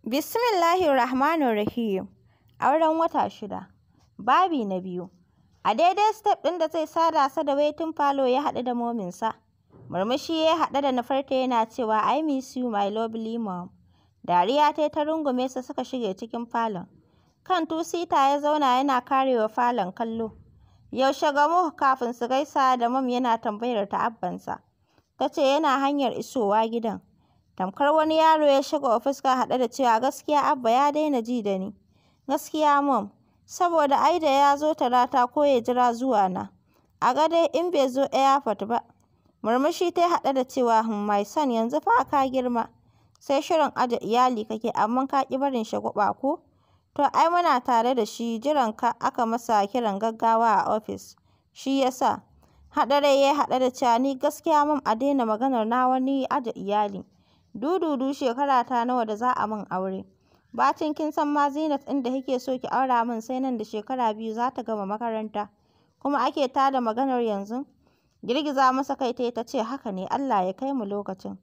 Bismillahirrahmanirrahim. Auren wata shida. Babi na biyu. A daidai step ɗin da zai sada sa da waitin falo ya haɗu da mominsa. Murmushi ya haɗu da na nufarta yana cewa I miss you my lovely mom. Dariya ta ta rungume sa suka shige cikin falon. Kan tusita ya zauna yana karewa falon kallo. Yaushe gamo kafin su gaisa da mam yana tambayar ta abbansa. Ta ce yana hanyar isowa gidan. Tamkar wani yaro ya shiga fuska haɗe da cewa, gaskiya Abba ya daina ji da ni, gaskiya mom saboda ai da ya zo Talata ko ya jira zuwa na, a ga in bai zo airport ba. Murmushi ta yi da cewa, hmm, my son yanzu fa ka girma, sai shirin aje iyali kake amma ka ƙi barin guba ko? To ai muna tare da shi jiran ka aka masa kiran gaggawa a ofis, shi yasa sa. yayi ya yi da cewa ni gaskiya Mum a daina maganar na wani aje iyali. dududu shekarata nawa da za a min aure, bacin kin san ma Zinat ɗin da kike so ki aura min sai nan da shekara biyu za ta gama makaranta, kuma ake ta da maganar yanzu? Girgiza masa kai ta ta ce haka ne Allah ya kai mu lokacin.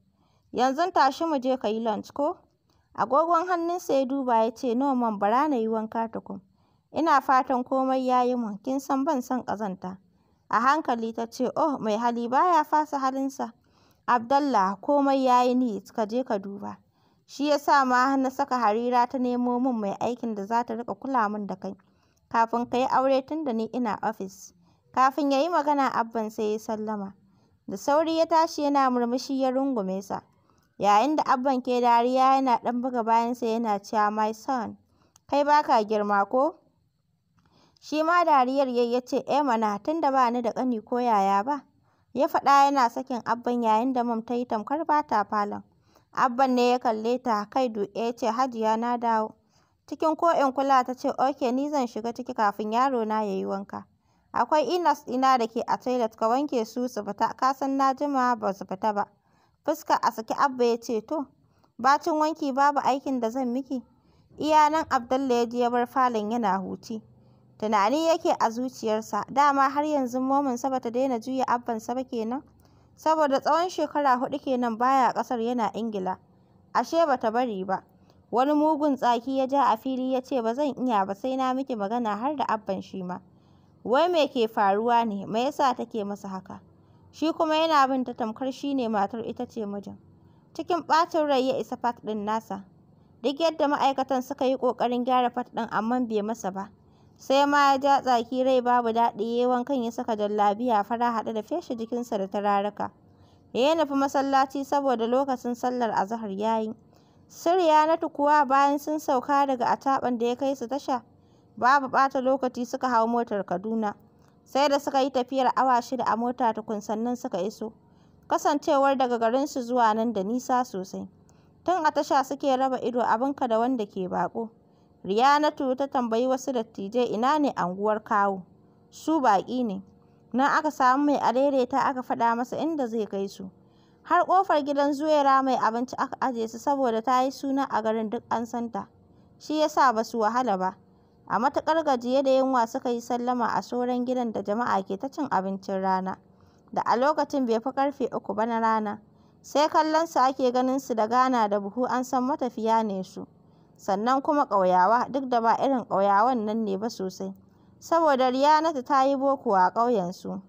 Yanzu tashi mu je ka yi lunch ko? Agogon hannunsa ya duba ya ce no man bara na yi wanka tukun. Ina fatan komai ya yi mun, kin san ban son ƙazanta. A hankali ta ce oh mai hali baya fasa halinsa. Abdullah, komai ya yi neat ka je ka duba. Shi ya sa ma na saka Harira ta nemo min mai aikin da za ta riƙa kula min da kai, kafin ka yi aure tun da ni ina ofis. Kafin ya yi magana Abban sai ya sallama. Da sauri ya tashi yana murmushi ya rungume sa. Yayin da Abban ke dariya yana ɗan buga bayansa yana cewa my son, kai baka girma ko? Shi ma dariyar yayyace, ya ce eh mana tun ba ni da ƙani ko yaya ba. ya faɗa yana sakin Abban yayin da mam ta yi tamkar ba ta falon. Abban ne ya kalle ta kai duƙe ya ce Hajiya na dawo. Cikin ko'in kula ta ce oke ni zan shiga ciki kafin yaro na ya yi wanka. Akwai inas ina da ke a toilet ka wanke su su fita ka san na jima ba su fita ba. Fuska a saki Abba ya ce to bacin wanki babu aikin da zan miki. Iya nan Abdalla ya je ya bar falon yana huci. Tunani yake a zuciyarsa, dama har yanzu mominsa ba daina juya abbansa ba kenan, saboda tsawon shekara hudu kenan baya kasar yana Ingila, ashe ba ta bari ba. Wani mugun tsaki ya ja a fili ya ce ba zan iya ba sai na miki magana har da abban shi ma. Wai me ke faruwa ne, me yasa take masa haka? Shi kuma yana bin ta tamkar shi ne matar ita ce mijin. Cikin ɓacin rai ya isa fak ɗin nasa. Duk yadda ma'aikatan suka yi ƙoƙarin gyara fat ɗin amma bai masa ba. Sai ma ya ja tsaki rai babu daɗi ya yi wankan ya saka jallabiya fara haɗe da feshe jikinsa da turaruka. Da ya nufi masallaci saboda lokacin sallar azahar ya yi. natu kuwa bayan sun sauka daga ataɓan da ya kai su tasha, babu ɓata lokaci suka hau motar Kaduna. Sai da suka yi tafiyar awa shida a mota tukun sannan suka iso. Kasancewar daga garin su zuwa nan da nisa sosai. Tun a tasha suke raba ido abinka da wanda ke baƙo. Riyanatu ta tambayi wasu dattijai ina ne anguwar Kawo, su baƙi ne, nan aka samu mai adaidaita aka faɗa masa inda zai kai su, har ƙofar gidan Zuwaira mai abinci aka aje su saboda ta yi suna a garin duk an san ta, shi ya sa ba su wahala ba, a matuƙar gajiye da yunwa suka yi sallama a sauran gidan da jama'a ke ta cin abincin rana, da a lokacin bai fi ƙarfe uku ba na rana, sai kallon su ake ganin su da gana da buhu an san matafiya ne su. sannan kuma ƙauyawa duk da ba irin ƙauyawan nan ne ba sosai saboda Riyanatu ta yi boko a ƙauyensu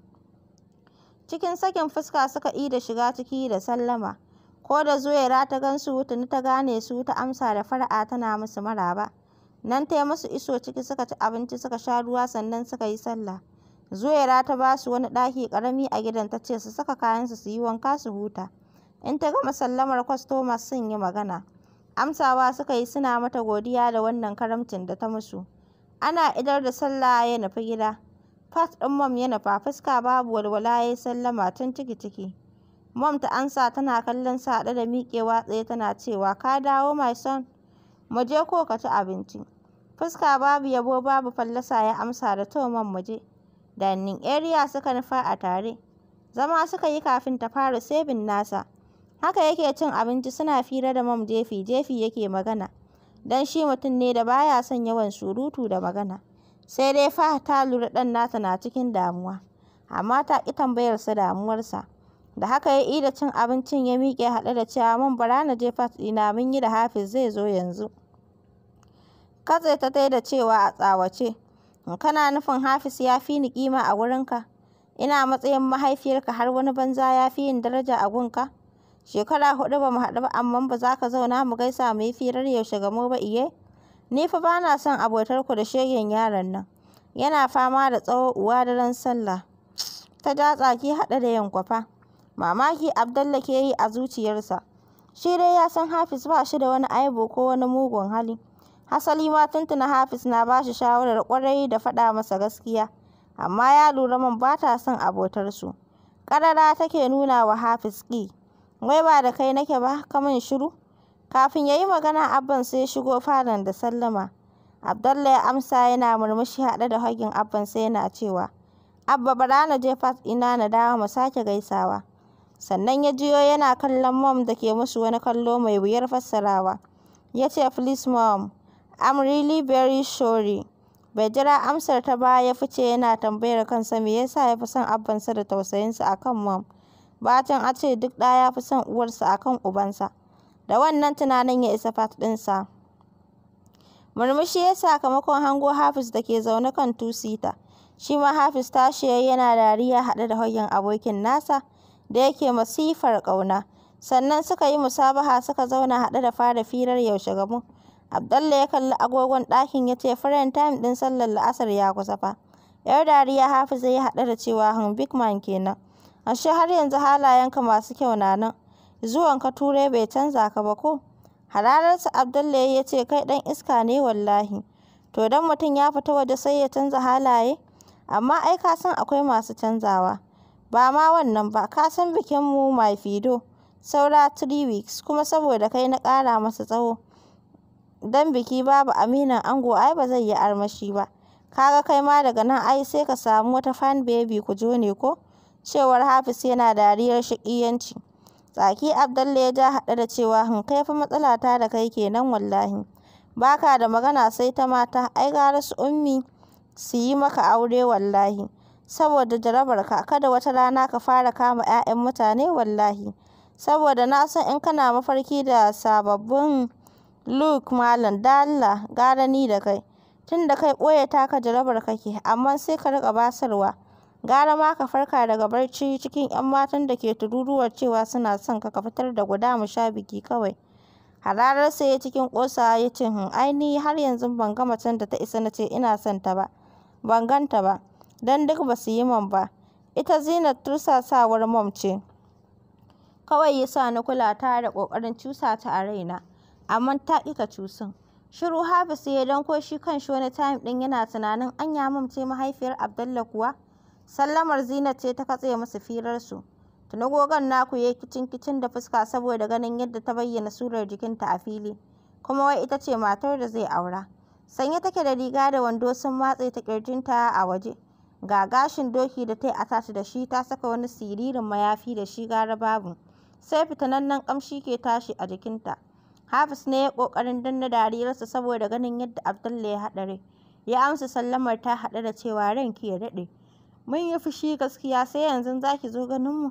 cikin sakin fuska suka yi da shiga ciki da sallama ko da zuwaira ta gan su tuni ta gane su ta amsa da fara'a tana musu maraba nan ta yi musu iso ciki suka ci abinci suka sha ruwa sannan suka yi sallah zuwaira ta ba su wani ɗaki ƙarami a gidan ta ce su saka kayansu su yi wanka su huta in ta gama sallamar kwastomas sun yi magana Amsawa suka yi suna mata godiya da wannan karamcin da ta musu. Ana idar da sallah ya nufi gida. Fat ɗin mom ya nufa fuska babu walwala ya yi sallama tun ciki-ciki. Mom ta ansa tana kallon sa haɗe da miƙewa tsaye tana cewa ka dawo my son. Mu je ko ka ci abinci. Fuska babu yabo babu fallasa ya amsa da to mom mu je. Dining area suka nufa a tare. Zama suka yi kafin ta fara sebin nasa. Haka yake cin abinci suna fira da mam jefi-jefi yake magana, dan shi mutum ne da baya son yawan surutu da magana. Sai dai fa ta lura ɗan nata na cikin damuwa, amma ta ki tambayar tambayarsa damuwarsa. Da haka ya ida cin abincin ya miƙe haɗe da cewa mun bara na je fat ɗina mun yi da Hafiz zai zo yanzu. Katse ta tai da cewa a tsawace, kana nufin Hafiz ya fi ni kima a wurinka? Ina matsayin mahaifiyarka har wani banza ya fi yin daraja a gunka? Shekara huɗu ba mu haɗu ba amma ba za ka zauna mu gaisa mu yi firar yaushe mu ba iye? Ni fa ba na son abotarku da shegen yaron nan. Yana fama da tsawo uwa da ran sallah. Ta ja tsaki haɗe da yankwafa. Mamaki Abdallah ke yi a zuciyarsa. Shi dai ya san Hafiz ba shi da wani aibu ko wani mugun hali. Hasali ma tuntuna Hafiz na ba shi shawarar kwarai da faɗa masa gaskiya. Amma ya lura man ba ta son abotarsu. Ƙarara take nuna wa Hafiz ƙi. wai ba da kai nake ba ka min shiru kafin ya yi magana abban sai ya shigo falon da sallama abdallah ya amsa yana murmushi haɗe da hagin abban sai yana cewa abba bara na je fat ina na dawo mu sake gaisawa sannan ya jiyo yana kallon mom da ke musu wani kallo mai wuyar fassarawa ya ce please mom I'm really very sorry bai jira amsar ta ba ya fice yana tambayar kansa me yasa ya fi son abbansa da tausayinsa kan mom Bacin a ce duk ɗa ya fi son uwarsa akan ubansa. Da wannan tunanin ya isa fat Murmushi ya sakamakon hango Hafiz da ke zaune kan tusita. Shi ma Hafiz tashi yana dariya haɗe da hoyin abokin nasa da yake masifar ƙauna. Sannan suka yi musabaha suka zauna haɗe da fara firar yaushe gamu. Abdalla ya kalli agogon ɗakin ya ce firen time ɗin sallar la'asar ya kusa fa. Yar dariya Hafiz ya haɗe da cewa hun bigman man kenan. Ashe har yanzu halayenka masu kyau na nan, zuwanka Turai bai canza ka ba ko? Harararsa Abdullahi ya ce kai ɗan iska ne wallahi. To dan mutum ya fita waje sai ya canza halaye? Amma ai ka san akwai masu canzawa. Ba ma wannan ba, ka san bikinmu mai fido, saura three weeks kuma saboda kai na ƙara masa tsawo. dan biki babu aminin ango ai ba zai yi armashi ba. Ka ga kai ma daga nan ai sai ka samu wata fan baby ku ne, ko? cewar Hafiz yana dariyar shaƙiyanci. Tsaki Abdalla ya ja haɗe da cewa hin kai fa matsala ta da kai kenan wallahi. Baka da magana sai ta mata ai gara su ummi su yi maka aure wallahi. Saboda jarabarka kada wata rana ka fara kama 'ya'yan mutane wallahi. Saboda na san in kana mafarki da sababbin Luke Malam Dalla gara ni da kai. Tunda kai ɓoye taka jarabar kake amma sai ka riƙa basarwa. Gara ma ka farka daga barci cikin 'yan matan da ke tururuwar cewa suna son ka, ka fitar da guda mu sha biki kawai. Hararsa ya cikin ƙosawa ya ce, hmm, ai har yanzu ban ga macen da ta isa na ce ina son ta ba, ban gan ba, don duk ba su yi min ba, ita Zinat tursasawar mom ce, kawai ya sa na kula ta da ƙoƙarin cusa ta a raina, amma ta ƙi cusun.” Shiru Hafiz ya yi shi kan shi wani tayim ɗin yana tunanin anya mom mahaifiyar Abdullahi kuwa. Sallamar Zinat ce ta katse musu firarsu. Tuna gogon naku ya kicin kicin da fuska saboda ganin yadda ta bayyana surar jikinta a fili. Kuma wai ita ce matar da zai aura. Sanye take da riga da wando sun matse ta kirjinta a waje. Ga gashin doki da ta yi atashi da shi ta saka wani siririn mayafi da shi gara babu. Sai fitanannen kamshi ke tashi a jikinta. Hafiz ne ya ƙoƙarin danna dariyarsa saboda ganin yadda Abdullahi ya haɗare Ya amsa sallamar ta haɗe da cewa ranki ya daɗe. mun yi fushi gaskiya sai yanzu za ki zo ganin mu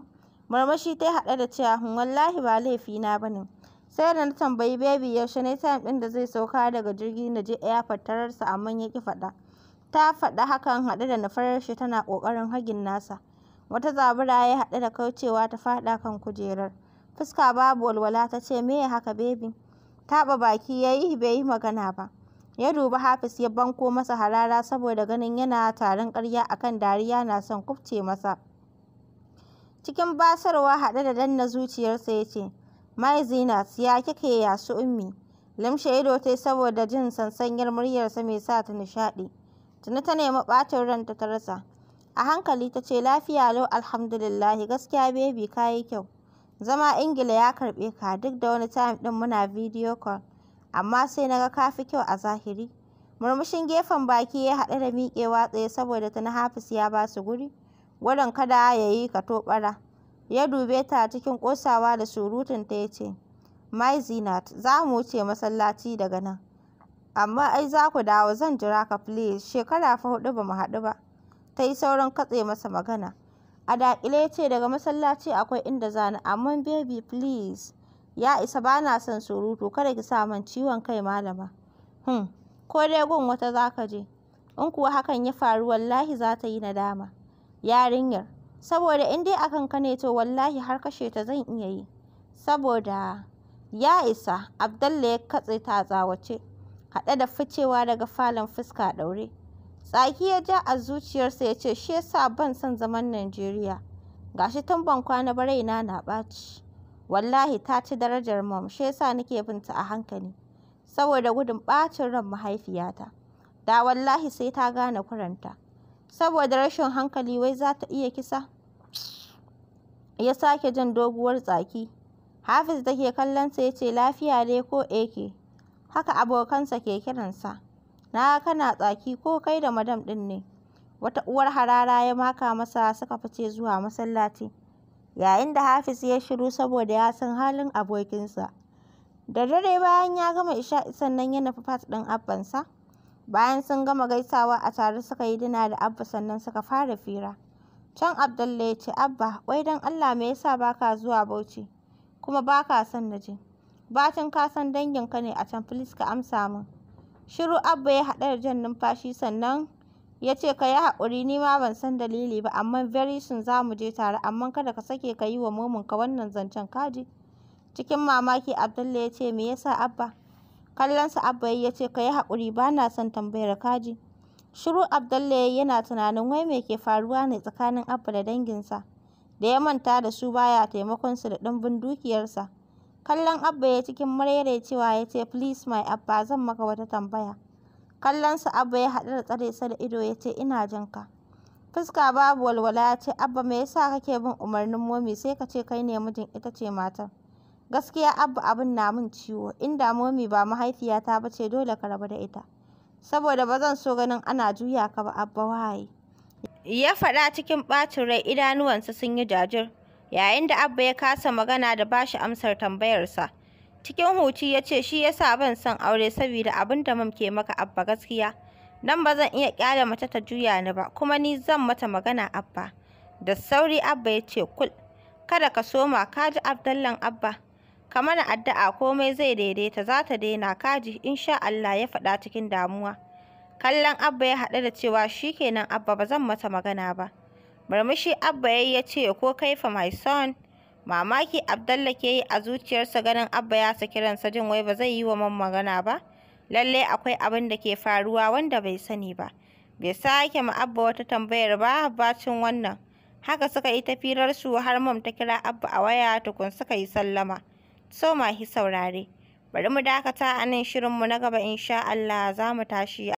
murmushi ta haɗa da cewa hmm, wallahi ba na ba ne sai da na tambayi baby yaushe ne time ɗin da zai sauka daga jirgi na je airport tararsa amma ya ki faɗa ta faɗa hakan haɗe da nufar shi tana ƙoƙarin hagin nasa wata zabura ya haɗe da kaucewa ta faɗa kan kujerar fuska babu walwala ta ce me haka baby taɓa baki ya yi bai yi magana ba Ya dubi hafis ya banko masa harara saboda ganin yana tarin ƙarya akan dariya na son kufce masa. Cikin basarwa haɗe da danna zuciyarsa ya ce, Mai Zinat, ya kike ya su ummi? Lamshe ido ta saboda jin sansanyar muryarsa mai sa ta nishaɗi. Tuni ta nemi ɓacin ranta ta rasa. A hankali ta ce lafiya lau alhamdulillahi gaskiya bebi yi kyau. Zama Ingila ya karɓe ka duk da wani time ɗin muna video call. amma sai na ga ka kyau a zahiri. Murmushin gefen baki ya haɗu da miƙewa tsaye saboda ta na hafis ya ba su guri, gwadon kada ya yi ka toɓara. Ya dube ta cikin ƙosawa da surutun ta ya ce, My Zinat, za mu wuce masallaci daga nan. Amma ai za ku dawo zan jira ka please, shekara fa huɗu ba mu haɗu ba. Ta yi sauran katse masa magana. A daƙile ce daga masallaci akwai inda zani, amma baby please. Ya isa ba na son surutu, kada ki sa min ciwon kai malama. Hmm, ko dai gun wata za ka je, in kuwa hakan ya faru wallahi za ta yi nadama. Yarinyar, saboda in dai akan ka ne to wallahi har kashe ta zan iya yi. Saboda ya isa, Abdalla ya katse ta tsawace, haɗe da ficewa daga falon fuska ɗaure. Tsaki ya ja a zuciyarsa ya ce, shi yasa ban son zaman Najeriya. Gashi tun ban kwana bare na na ɓaci. wallahi ta ci darajar mom shi yasa nake bin ta a hankali saboda gudun bacin ran mahaifiyata da wallahi sai ta gane kuranta saboda rashin hankali wai za ta iya kisa ya sake jin doguwar tsaki hafiz da ke kallon sa ya ce lafiya ne ko eke haka abokansa ke kiransa na kana tsaki ko kai da madam ɗin ne wata uwar harara ya maka masa suka fice zuwa masallaci yayin da Hafiz ya shiru saboda ya san halin abokinsa. Da dare bayan ya gama isha'i sannan ya nufi fat ɗin abbansa. Bayan sun gama gaisawa a tare suka yi dina da abba sannan suka fara fira. Can Abdalla ya ce, Abba, wai don Allah me yasa baka zuwa Bauchi, kuma baka ka son na je. Bacin ka san danginka ne a can, filis ka amsa min. Shiru Abba ya haɗa da jan numfashi sannan ya ce ka yi haƙuri ni ma ban san dalili ba amma very soon za mu je tare amma kada ka sake ka yi wa ka wannan zancen kaji cikin mamaki Abdullahi ya ce me yasa abba kallonsa abba ya ce ka yi haƙuri ba na son tambayar kaji shiru Abdullahi yana tunanin wai me ke faruwa ne tsakanin abba da danginsa da ya manta da su baya taimakon su da ɗumbin dukiyarsa kallon abba ya cikin cewa ya ce please my abba zan maka wata tambaya Kallon su Abba ya haɗu da tsare sa da ido ya ce, Ina jin ka. Fuska babu walwala ya ce, Abba me yasa kake bin umarnin momi sai ka ce kai ne mijin ita ce matar. Gaskiya Abba abin na min ciwo, inda momi ba mahaifiyata ba ce dole ka rabu da ita. Saboda ba zan so ganin ana juya ka ba Abba waye. Ya faɗa cikin ɓacin rai idanuwansa sun yi jajir, yayin da Abba ya kasa magana da bashi amsar tambayarsa. Cikin huci ya ce shi yasa ban son aure saboda abin da mam ke maka abba gaskiya. Nan ba zan iya kyale mace ta juya ni ba kuma ni zan mata magana abba. Da sauri abba ya ce kul. Kada ka soma ka ji Abdallan abba. Kamar mana addu'a komai zai daidaita za ta daina kaji insha Allah ya faɗa cikin damuwa. Kallon abba ya haɗu da cewa shi kenan abba ba zan mata magana ba. Murmushi abba ya ya ce ko kaifa my son. mamaki abdalla ke yi a zuciyarsa ganin abba ya saki ransa jin wai ba zai yi wa man magana ba lallai akwai abin da ke faruwa wanda bai sani ba bai sake ma abba wata tambayar ba bacin wannan haka suka yi tafirar su har mam ta kira abba a waya tukun suka yi sallama so mahi saurare bari mu dakata a nan shirinmu na gaba insha Allah za mu tashi